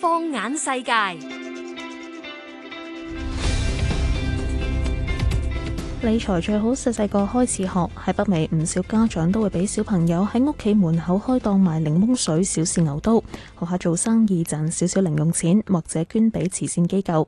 放眼世界。理財最好細細個開始學。喺北美，唔少家長都會俾小朋友喺屋企門口開檔賣檸檬水，小試牛刀，學下做生意賺少少零用錢，或者捐俾慈善機構。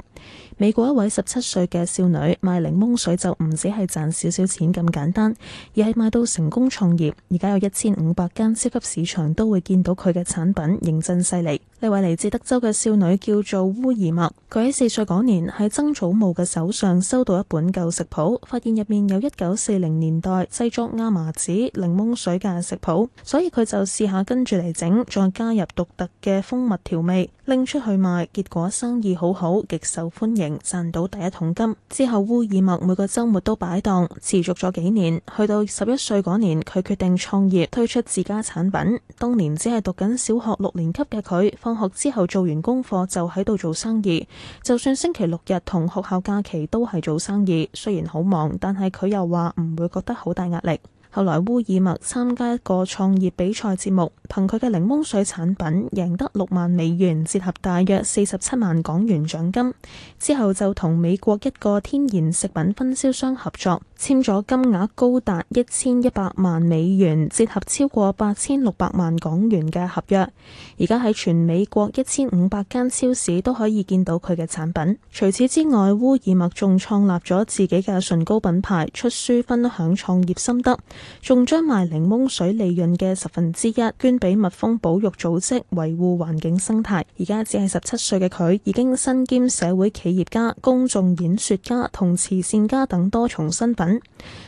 美國一位十七歲嘅少女賣檸檬水就唔止係賺少少錢咁簡單，而係賣到成功創業。而家有一千五百間超級市場都會見到佢嘅產品，認真犀利。呢位嚟自德州嘅少女叫做烏爾莫。佢喺四歲嗰年喺曾祖母嘅手上收到一本舊食譜，發現入面有一九四零年代製作亞麻籽檸檬水嘅食譜，所以佢就試下跟住嚟整，再加入獨特嘅蜂蜜調味，拎出去賣，結果生意好好，極受歡迎，賺到第一桶金。之後烏爾默每個周末都擺檔，持續咗幾年。去到十一歲嗰年，佢決定創業，推出自家產品。當年只係讀緊小學六年級嘅佢，放學之後做完功課就喺度做生意。就算星期六日同學校假期都係做生意，雖然好忙，但係佢又話唔會覺得好大壓力。後來烏爾默參加一個創業比賽節目，憑佢嘅檸檬水產品贏得六萬美元，折合大約四十七萬港元獎金。之後就同美國一個天然食品分銷商合作。簽咗金額高達一千一百萬美元，折合超過八千六百萬港元嘅合約。而家喺全美國一千五百間超市都可以見到佢嘅產品。除此之外，烏爾默仲創立咗自己嘅唇膏品牌，出書分享創業心得，仲將賣檸檬水利潤嘅十分之一捐俾蜜蜂保育組織，維護環境生態。而家只係十七歲嘅佢，已經身兼社會企業家、公眾演說家同慈善家等多重身份。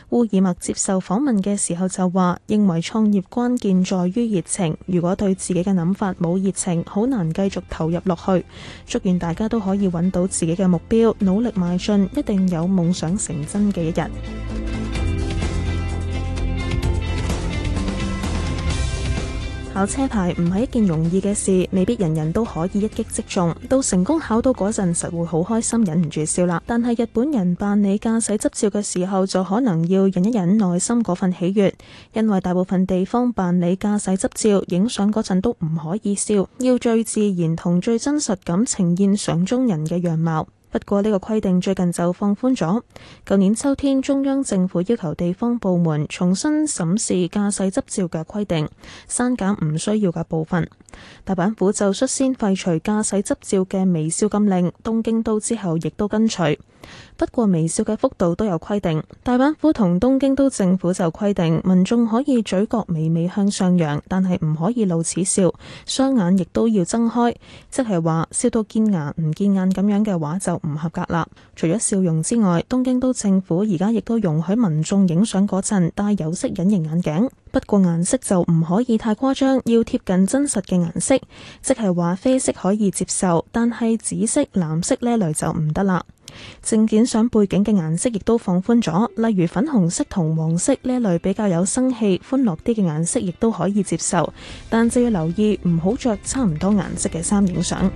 烏爾默接受訪問嘅時候就話，認為創業關鍵在於熱情，如果對自己嘅諗法冇熱情，好難繼續投入落去。祝願大家都可以揾到自己嘅目標，努力邁進，一定有夢想成真嘅一日。考車牌唔係一件容易嘅事，未必人人都可以一擊即中。到成功考到嗰陣，實會好開心，忍唔住笑啦。但係日本人辦理駕駛執照嘅時候，就可能要忍一忍內心嗰份喜悅，因為大部分地方辦理駕駛執照影相嗰陣都唔可以笑，要最自然同最真實咁呈現相中人嘅樣貌。不過呢個規定最近就放寬咗。舊年秋天，中央政府要求地方部門重新審視駕駛執照嘅規定，刪減唔需要嘅部分。大阪府就率先廢除駕駛執照嘅微笑禁令，東京都之後亦都跟隨。不過微笑嘅幅度都有規定，大阪府同東京都政府就規定民眾可以嘴角微微向上揚，但係唔可以露齒笑，雙眼亦都要睜開，即係話笑到見牙唔見眼咁樣嘅話就唔合格啦。除咗笑容之外，東京都政府而家亦都容許民眾影相嗰陣戴有色隱形眼鏡。不過顏色就唔可以太誇張，要貼近真實嘅顏色，即係話啡色可以接受，但係紫色、藍色呢一類就唔得啦。證件相背景嘅顏色亦都放寬咗，例如粉紅色同黃色呢一類比較有生氣、歡樂啲嘅顏色亦都可以接受，但就要留意唔好着差唔多顏色嘅衫影相。